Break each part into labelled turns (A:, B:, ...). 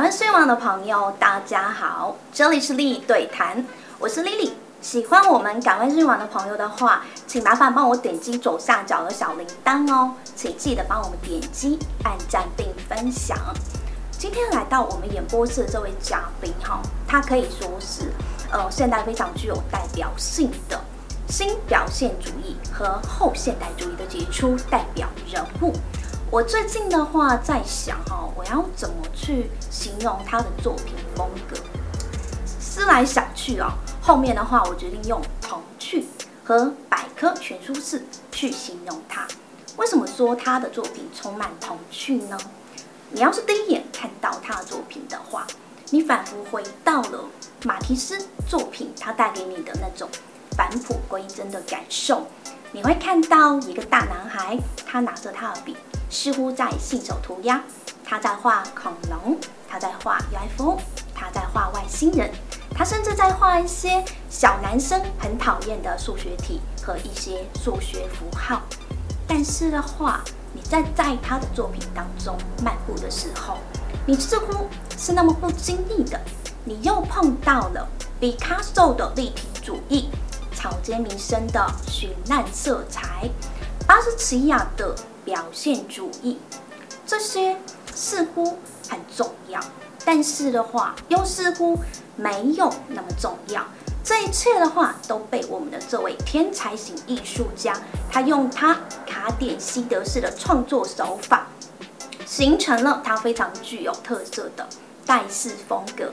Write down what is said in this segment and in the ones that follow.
A: 港灣新聞網的朋友，大家好，這裡是莉藝對談，我是莉莉。喜歡我們港灣新聞網的朋友的話，請麻煩幫我點擊左下角的小鈴鐺哦，請記得幫我們點擊按讚並分享。今天來到我們演播室的這位嘉賓哈，他可以說是呃現代非常具有代表性的新表現主義和後現代主義的傑出代表人物。我最近的話在想哈，我要怎麼去形容他的作品風格？思來想去啊，後面的話我決定用童趣和百科全書式去形容他。為什麼說他的作品充滿童趣呢？你要是第一眼看到他的作品的話，你仿佛回到了馬蒂斯作品，他帶給你的那種返璞歸真的感受。你會看到一個大男孩，他拿着他的筆。似乎在信手塗鴉，他在畫恐龍，他在畫 UFO，他在畫外星人，他甚至在畫一些小男生很討厭的數學題和一些數學符號。但是的話，你在在他的作品當中漫步的時候，你似乎是那麼不經意的，你又碰到了畢卡索的立體主義，草間彌生的絢爛色彩，巴斯奇亞的。表現主義，這些似乎很重要，但是的話又似乎沒有那麼重要。這一切的話都被我們的這位天才型藝術家，他用他卡典西德式的創作手法，形成了他非常具有特色的戴式風格。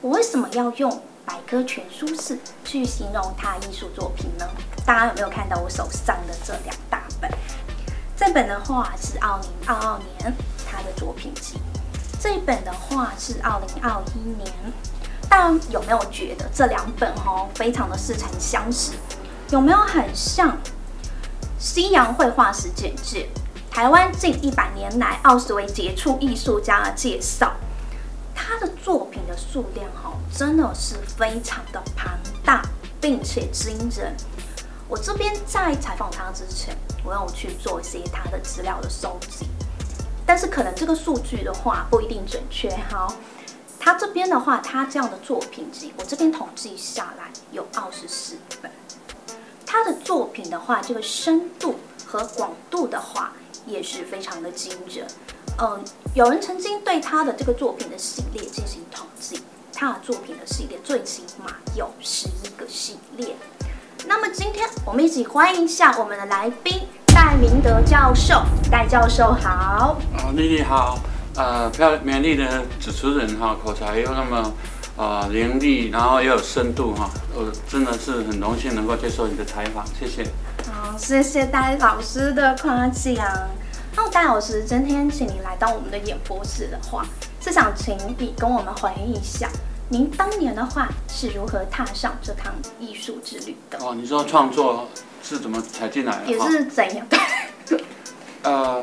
A: 我為什麼要用百科全書式去形容他藝術作品呢？大家有沒有看到我手上的這兩大？這本的話是二零二二年他的作品集，這本的話是二零二一年。但有沒有覺得這兩本哦，非常的似曾相識？有沒有很像《西洋繪畫史簡介》？台灣近一百年來二十位傑出藝術家的介紹。他的作品的數量真的是非常的龐大並且驚人。我這邊在採訪他之前，我讓我去做一些他的資料的搜集，但是可能這個數據的話不一定準確哈、哦。他這邊的話，他這樣的作品集，我這邊統計下來有二十四本。他的作品的話，這個深度和廣度的話也是非常的驚人。嗯，有人曾經對他的這個作品的系列進行統計，他的作品的系列最起碼有十一個系列。那麼今天我們一起歡迎一下我們的來賓戴明德教授，戴教授好，
B: 哦，麗麗好，呃漂亮美麗的主持人哈，口才又那麼啊、呃、伶俐，然後又有深度哈、哦，我真的是很榮幸能夠接受你的採訪，謝謝。
A: 謝謝戴老師的誇獎，哦，戴老師今天請你來到我們的演播室的話，是想請你跟我們回憶一下。您當年的話是如何踏上這趟藝術
B: 之旅的？哦，你說創作是怎麼才進來的？也是
A: 怎樣、
B: 哦、呃，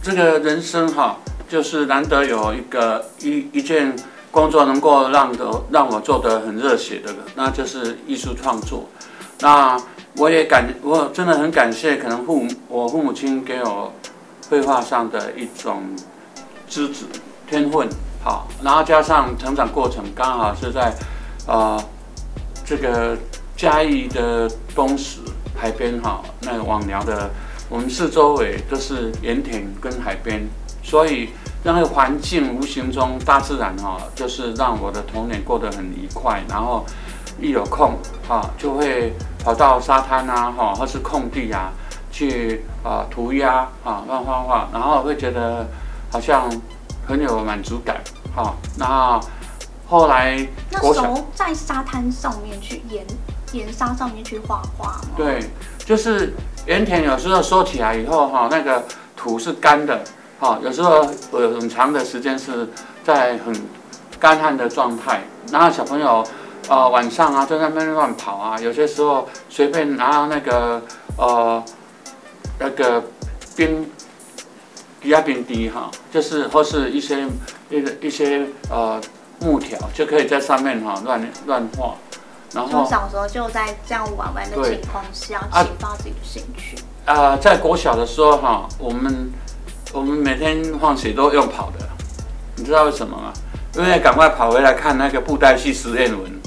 B: 這個人生哈、哦，就是難得有一個一一件工作能夠讓得讓我做得很熱血的，那就是藝術創作。那我也感，我真的很感謝，可能父母我父母親給我繪畫上的一種資質天分。然後加上成長過程剛好是在，呃，這個嘉義的東石海邊哈，那網寮的，我們四周圍都是鹽田跟海邊，所以那個環境無形中大自然哈，就是讓我的童年過得很愉快。然後一有空啊就會跑到沙灘啊哈，或是空地啊去啊塗鴉啊亂畫畫，然後會覺得好像很有滿足感。好，那、哦、後，後來那時候
A: 在沙灘上面去鹽鹽沙上面去畫畫。
B: 對，就是鹽田有時候收起來以後哈、哦，那個土是乾的哈、哦，有時候呃很長的時間是在很乾旱的狀態。然後小朋友呃晚上啊就在那邊亂跑啊，有些時候隨便拿那個呃那個邊低壓邊低哈，就是或是一些。一一些呃木條就可以在上面哈，亂亂畫，然後從
A: 小時候
B: 就在這樣玩玩的情況下啟發自己的興趣啊、呃，在國小的時候哈、哦，我們我們每天放學都用跑的，你知道為什麼嗎？因為趕快跑回來看那個布袋戲史艷文，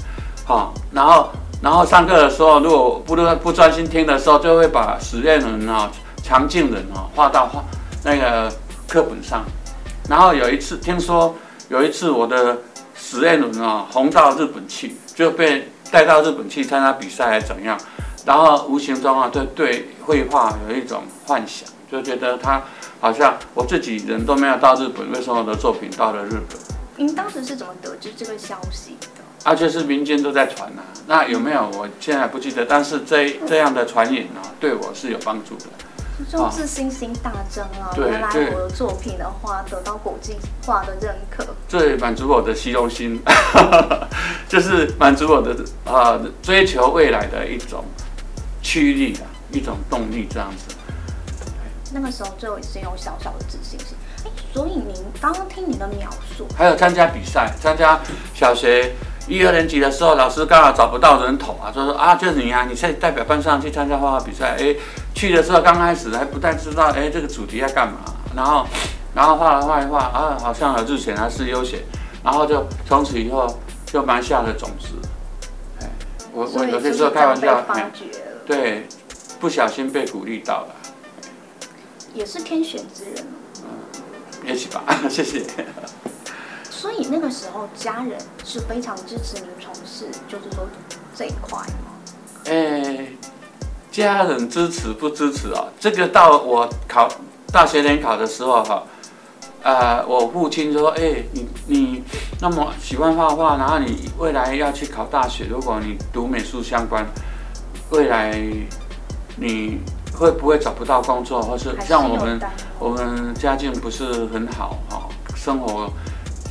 B: 好、哦，然後然後上課的時候如果不不專心聽的時候，就會把史艷文啊、藏鏡人啊，畫到畫那個課本上。然後有一次聽說，有一次我的史艷文啊，紅到日本去，就被帶到日本去參加比賽還怎樣。然後無形中啊，就對對繪畫有一種幻想，就覺得他好像我自己人都沒有到日本，為什麼我的作品到了日本？
A: 您當時是怎麼得知這個消息
B: 的？啊，就是民間都在傳吶、啊。那有沒有？我現在不記得。但是這這樣的傳言啊，對我是有幫助的。
A: 就自信心大增啊！啊原來我的作品的話對得到
B: 國際化的認可，對，滿足我的虛榮心， 就是滿足我的啊、呃，追求未來的一種驅力啊，一種動力這樣子。那個時候就先有
A: 小小的自信心。哎，所以您剛剛聽您的描述，
B: 還有參加比賽，參加小學一、二年級的時候，對老師剛好找不到人頭啊，就說啊，就是你啊，你在代表班上去參加畫畫比賽，誒去的時候剛開始還不太知道，哎、欸，這個主題要幹嘛，然後，然後畫來畫來畫，啊，好像有入選還是優選，然後就從此以後就埋下了種子。欸、我我有些時候開玩笑、欸，對，不小心被鼓勵到了，
A: 也是天選之
B: 人，嗯、也是吧，謝謝。
A: 所以那個時候家人是非常支持你從事，就是說
B: 這一塊。誒。欸家人支持不支持啊、哦？這個到我考大學聯考的時候哈、哦，呃，我父親說：“誒、欸，你你那麼喜歡畫畫，然後你未來要去考大學，如果你讀美術相關，未來你會不會找不到工作？或是像我們我們家境不是很好哈、哦，生活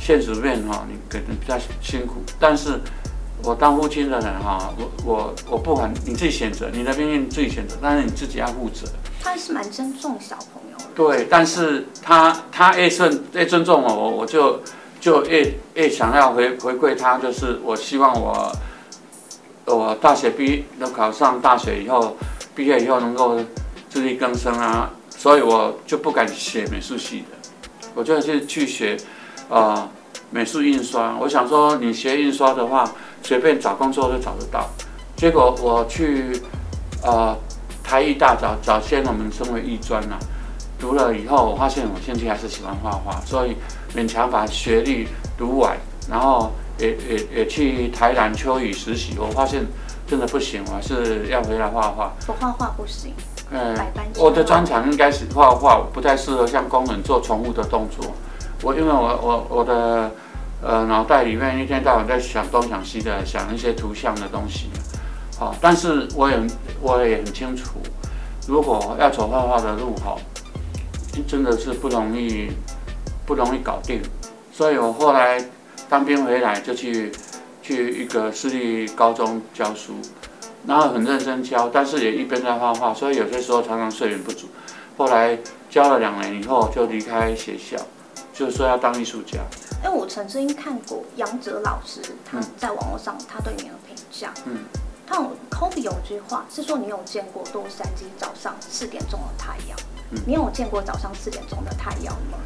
B: 現實面哈、哦，你可能比較辛苦，但是。”我當父親的人哈、哦，我我我不管你自己選擇，你的命運自己選擇，但是你自己要負責。他還
A: 是蠻尊重小朋
B: 友、啊、的。對，但是他他越尊越尊重我，我就就越越想要回回饋他，就是我希望我我大學畢業能考上大學以後，畢業以後能夠自力更生啊，所以我就不敢寫美術系的，我就去去學啊、呃、美術印刷。我想說，你學印刷的話。隨便找工作都找得到，結果我去，呃，台藝大找，找先我們升為藝專了，讀了以後，我發現我現在還是喜歡畫畫，所以勉強把學歷讀完，然後也也也去台南秋雨實習，我發現真的不行，我還是要回來畫畫。不畫畫
A: 不行，
B: 嗯，班我的專長應該是畫畫，不太適合像工人做重複的動作，我因為我我我的。呃，腦袋裡面一天到晚在想東想西的，想一些圖像的東西。好，但是我也我也很清楚，如果要走畫畫的路，哈，真的是不容易，不容易搞定。所以我後來當兵回來就去去一個私立高中教書，然後很認真教，但是也一邊在畫畫，所以有些時候常常睡眠不足。後來教了兩年以後就離開學校，就說要當藝術家。
A: 哎，我曾經看過楊哲老師他在網絡上、嗯、他對你的評價，他有科比有句話是說你有見過洛杉磯早上四點鐘的太陽？嗯、你有見過早上四點鐘的太陽嗎？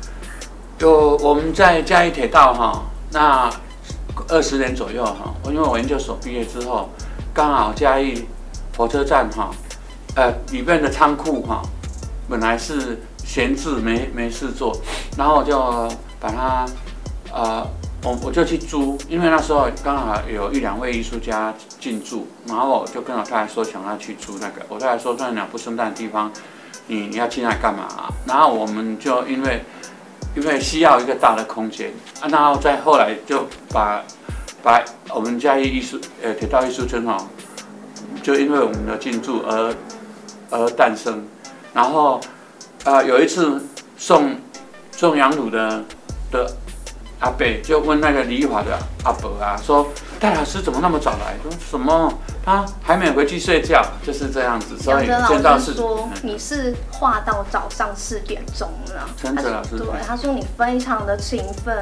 B: 就我們在嘉義鐵道哈、哦，那二十年左右哈，因為我研究所畢業之後，剛好嘉義火車站哈、哦，呃，裡面的倉庫哈、哦，本來是閒置沒沒事做，然後我就把它。我、呃、我就去租，因為那時候剛好有一兩位藝術家進駐，然後我就跟老太太說想要去租那個，我太太說那鳥不生蛋的地方，你你要進來幹嘛、啊？然後我們就因為因為需要一個大的空間，啊、然後再後來就把把我們家藝藝術呃鐵道藝術村哦，就因為我們的進駐而而誕生，然後啊、呃、有一次送送羊乳的的。阿北就問那個李玉華的阿伯啊，說戴老師怎麼那麼早來？說什麼？他、啊、還沒回去睡覺，就是這樣子。所以見到是說、嗯、
A: 你是畫到早上四點鐘了。對，他說你非常的勤奮，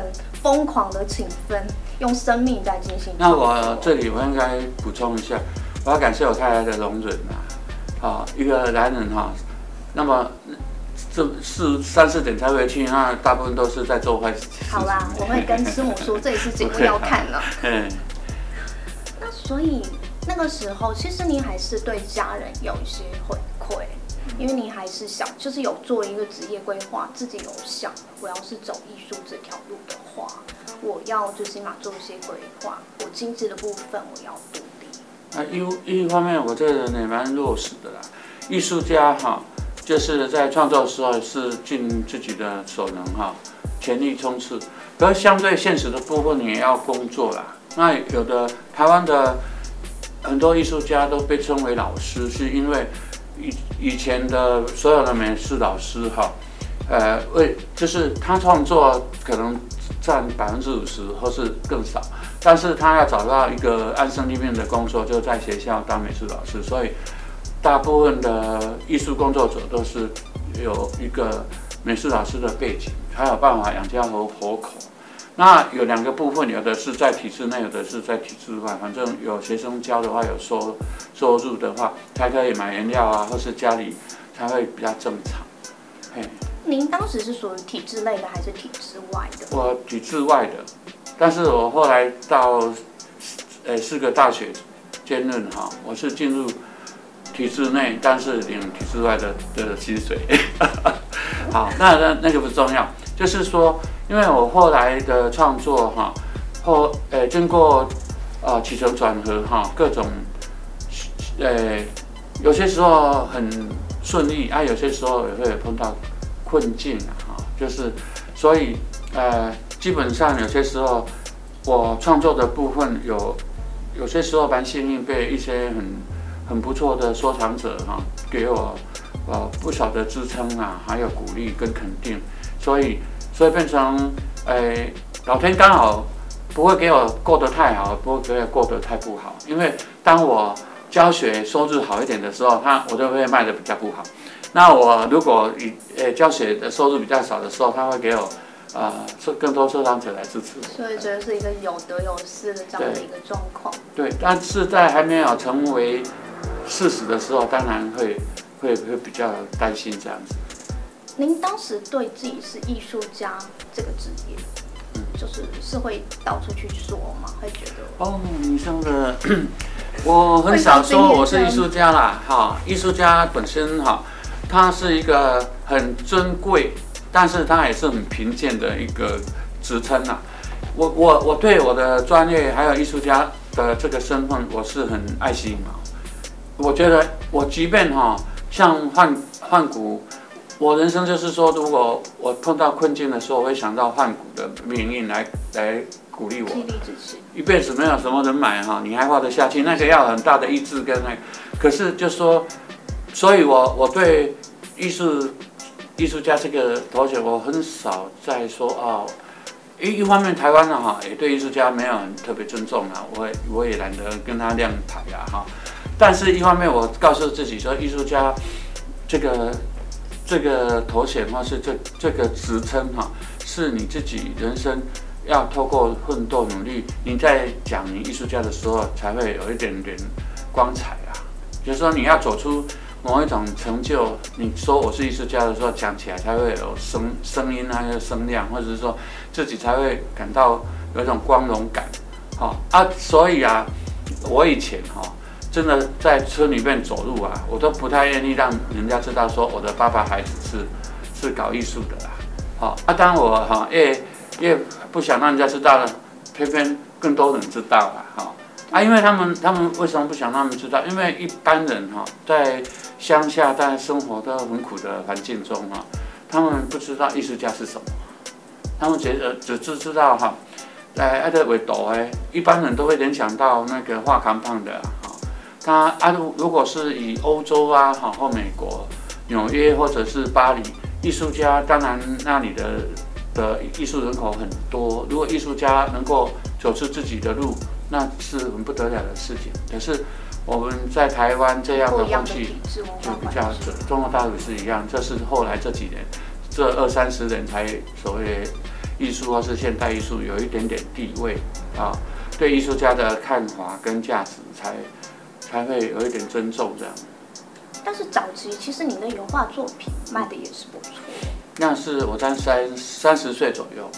A: 瘋狂的勤奮，用生命在進行。那
B: 我這裡我應該補充一下，我要感謝我太太的容忍啊。好、哦，一個男人哈、哦，那麼。四三四點才回去，那大部分都是在做壞事情。好
A: 啦，我會跟師母說， 這一次節目要看
B: 了。
A: 嗯、啊。 那所以那個時候，其實您還是對家人有一些回饋，因為你還是想，就是有做一個職業規劃，自己有想，我要是走藝術這條路的話，我要最起碼做一些規劃，我經濟的部分我要獨立。
B: 那一一方面我這個人也蠻弱勢的啦，藝術家哈。就是在創作的時候是盡自己的所能哈，全力衝刺。而相對現實的部分，你也要工作啦。那有的台灣的很多藝術家都被稱為老師，是因為以以前的所有的美術老師哈，呃，為就是他創作可能佔百分之五十或是更少，但是他要找到一個安身立命的工作，就在學校當美術老師，所以。大部分的藝術工作者都是有一個美術老師的背景，才有辦法養家糊糊口。那有兩個部分，有的是在體制內，有的是在體制外。反正有學生教的話，有收收入的話，才可以買顏料啊或是家裡才會比較正常。嘿。您當時是屬於體制
A: 內的
B: 還是體制外的？我體制外的，但是我後來到呃四個大學兼任哈，我是進入。體制內，但是領體制外的的薪水， 好，那那那個不重要，就是說，因為我後來的創作哈，後，誒、欸、經過，啊起承轉合哈各種，誒、欸、有些時候很順利啊，有些時候也會碰到困境啊，就是所以呃基本上有些時候我創作的部分有有些時候蠻幸運被一些很很不錯的收藏者哈，給我呃不少的支撐啊，還有鼓勵跟肯定，所以所以變成誒、欸，老天剛好不會給我過得太好，不會給我過得太不好，因為當我教學收入好一點的時候，他我就會賣得比較不好；那我如果以誒、欸、教學的收入比較少的時候，他會給我呃收更多收藏者來支持。所
A: 以這是一個有得有失的這樣的一個狀況。
B: 對，但是在還沒有成為四十的時候，當然會會會比較擔心這樣子。
A: 您當時對自己是藝術家這個職業，嗯、就是是會到處去說
B: 嗎？會覺得哦，你這的，我很少說我是藝術家啦。哈，藝術家本身哈，它是一個很尊貴，但是它也是很貧賤的一個職稱吶。我我我對我的專業還有藝術家的這個身份，我是很愛惜嘛。我覺得我即便哈，像換換骨，我人生就是說，如果我碰到困境的時候，我會想到換骨的命運來來鼓勵我。就是、一輩子沒有什麼人買哈，你還畫得下去，那個要很大的意志跟那個。可是就是說，所以我我對藝術藝術家這個頭銜，我很少在說啊、哦。一一方面台灣，台灣的哈也對藝術家沒有很特別尊重啊，我我也懶得跟他亮牌啊哈。但是一方面，我告訴自己說，藝術家這個這個頭銜或是這這個職稱哈，是你自己人生要透過奮鬥努力，你在講你藝術家的時候才會有一點點光彩啊。比如說，你要走出某一種成就，你說我是藝術家的時候，講起來才會有聲聲音啊，還有聲量，或者是說自己才會感到有一種光榮感。好啊，所以啊，我以前哈、啊。真的在村裡面走路啊，我都不太願意讓人家知道，說我的爸爸、孩子是是搞藝術的啦。好啊，當、哦啊、我哈越越不想讓人家知道了，偏偏更多人知道了。哈、哦、啊，因為他們他們為什麼不想讓他們知道？因為一般人哈、哦、在鄉下，在生活都很苦的環境中哈、哦，他們不知道藝術家是什麼，他們覺得，只、呃、只知道哈、哦呃、在愛德韋朵哎，一般人都會聯想到那個畫扛棒的。他啊，如果是以歐洲啊，好、啊、或美國，紐約或者是巴黎，藝術家當然那裡的的藝術人口很多。如果藝術家能夠走出自己的路，那是很不得了的事情。可是我們在台灣這樣的風氣就比較，中國大陸是一樣。這、就是後來這幾年，這二三十年才所謂藝術或是現代藝術有一點點地位啊，對藝術家的看法跟價值才。還會有一點尊重這樣，
A: 但是早期其實您的油畫作品賣的也是不錯。
B: 嗯。那是我在三三十歲左右，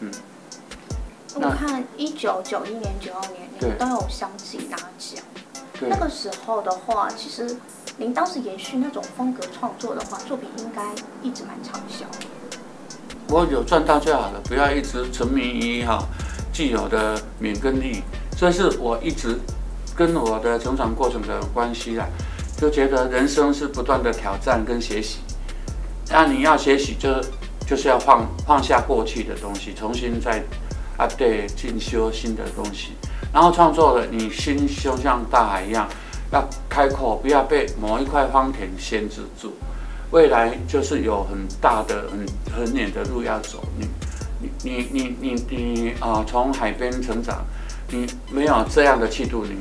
A: 嗯。我看一九九一年、九二年，您都有相繼拿獎。對那個時候的話，其實您當時延續那種風格創作的話，作品應該一直蠻暢銷。
B: 我有賺到就好了，不要一直沉迷於哈、哦、既有的免耕利。這是我一直。跟我的成長過程的關係啦,就覺得人生是不斷的挑戰跟學習。那你要學習，就就是要放放下過去的東西，重新再啊，對，進修新的東西。然後創作了，你心胸像大海一樣要開闊，不要被某一塊荒田限制住。未來就是有很大的很很遠的路要走。你你你你你你啊，從、呃、海邊成長，你沒有這樣的氣度，你。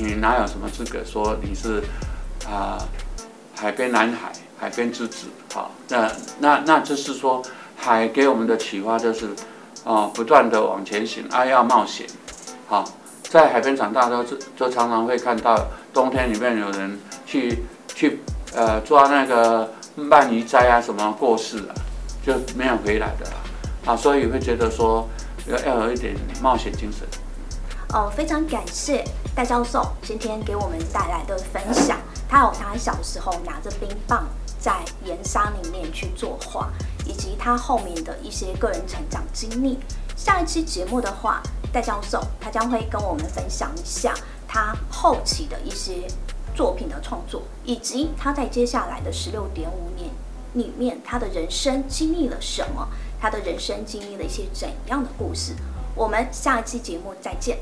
B: 你哪有什麼資格說你是啊海邊男孩、海邊之子？好、哦，那那那就是說，海給我們的啟發就是，啊、哦、不斷的往前行，啊要冒險。好、哦，在海邊長大的，就就常常會看到冬天裡面有人去去呃抓那個鰻魚仔啊，什麼過世了、啊，就沒有回來的了啊，啊，所以會覺得說要要有一點冒險精神。
A: 哦，非常感謝戴教授今天給我們帶來的分享。他有他小時候拿着冰棒在鹽沙裡面去作畫，以及他後面的一些個人成長經歷。下一期節目的話，戴教授他將會跟我們分享一下他後期的一些作品的創作，以及他在接下來的十六點五年裡面他的人生經歷了什麼，他的人生經歷了一些怎樣的故事。我們下一期節目再見。